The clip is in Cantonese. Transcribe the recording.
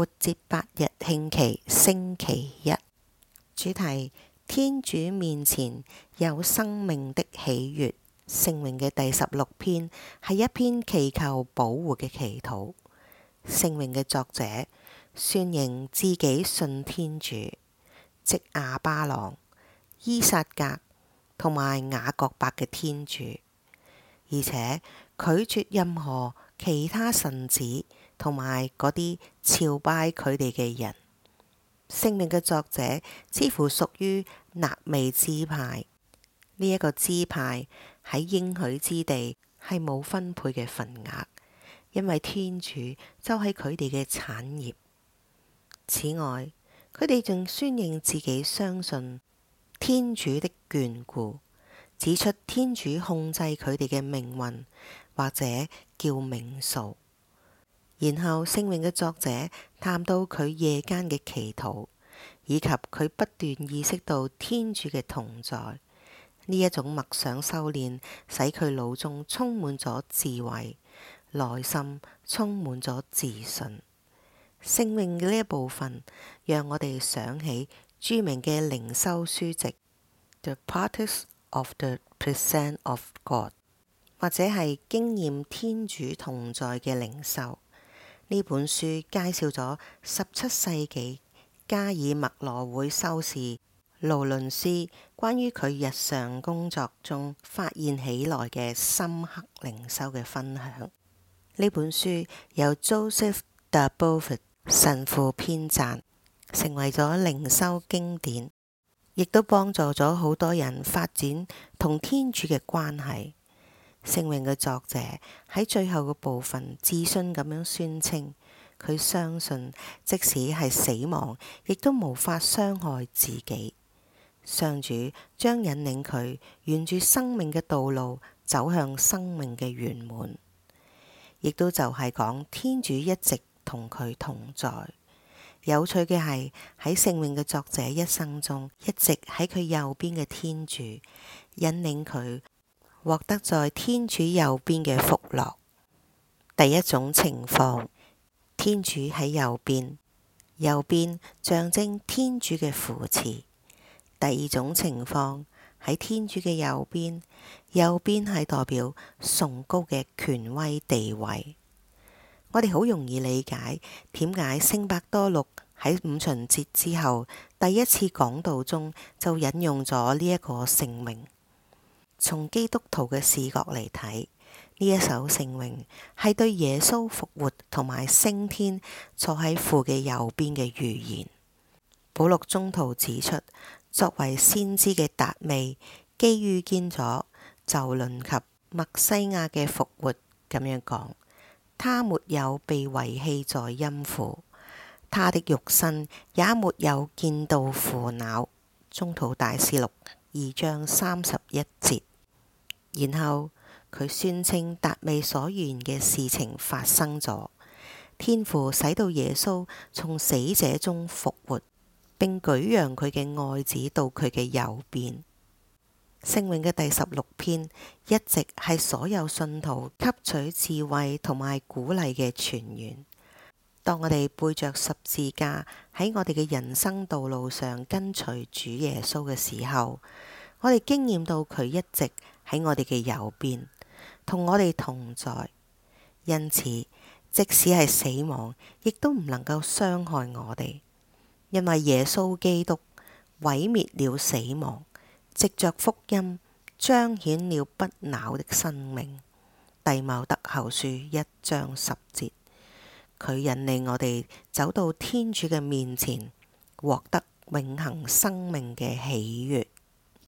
復活節八日慶期星期一，主題：天主面前有生命的喜悅。聖詠嘅第十六篇係一篇祈求保護嘅祈禱。聖詠嘅作者宣認自己信天主，即亞巴郎、依撒格同埋雅各伯嘅天主，而且拒絕任何其他神祇，同埋嗰啲朝拜佢哋嘅人，聖詠嘅作者似乎屬於肋未支派呢一個、這個支派喺應許之地係冇分配嘅份額，因為天主就喺佢哋嘅產業。此外，佢哋仲宣認自己相信天主的眷顧，指出天主控制佢哋嘅命運或者叫命數。然後聖詠嘅作者談到佢夜間嘅祈禱，以及佢不斷意識到天主嘅同在。呢一種默想修練，使佢腦中充滿咗智慧，內心充滿咗自信。聖詠嘅呢一部分讓我哋想起著名嘅靈修書籍《The practice of the presence of God》，或者係經驗天主同在嘅靈修。呢本書介紹咗十七世紀加爾默羅會修士勞倫斯關於佢日常工作中發現起來嘅深刻靈修嘅分享。呢本書由 Joseph de Beaufort 神父編撰，成為咗靈修經典，亦都幫助咗好多人發展同天主嘅關係。聖詠嘅作者喺最後嘅部分自信咁樣宣稱，佢相信即使係死亡，亦都無法傷害自己。上主將引領佢沿住生命嘅道路走向生命嘅圓滿，亦都就係講天主一直同佢同在。有趣嘅係喺聖詠嘅作者一生中，一直喺佢右邊嘅天主引領佢。獲得在天主右邊嘅福樂。第一種情況，天主喺右邊，右邊象徵天主嘅扶持。第二種情況，喺天主嘅右邊，右邊係代表崇高嘅權威地位。我哋好容易理解，點解聖伯多祿喺五旬節之後第一次講道中就引用咗呢一個聖詠。從基督徒嘅視角嚟睇，呢一首聖詠係對耶穌復活同埋升天坐喺父嘅右邊嘅預言。保祿宗徒指出，作為先知嘅達味，既預見咗就論及默西亞嘅復活，咁樣講，他沒有被遺棄在陰府，他的肉身也沒有見到腐朽。宗徒大事錄二章三十一節。然後佢宣稱達味所預言嘅事情發生咗，天父使到耶穌從死者中復活，並舉揚佢嘅愛子到佢嘅右邊。聖詠嘅第十六篇一直係所有信徒吸取智慧同埋鼓勵嘅泉源。當我哋背着十字架喺我哋嘅人生道路上跟隨主耶穌嘅時候，我哋經驗到佢一直。喺我哋嘅右邊，同我哋同在，因此即使係死亡，亦都唔能夠傷害我哋，因為耶穌基督毀滅了死亡，藉着福音彰顯了不朽的生命。弟茂德後書一章十節，佢引領我哋走到天主嘅面前，獲得永恆生命嘅喜悅。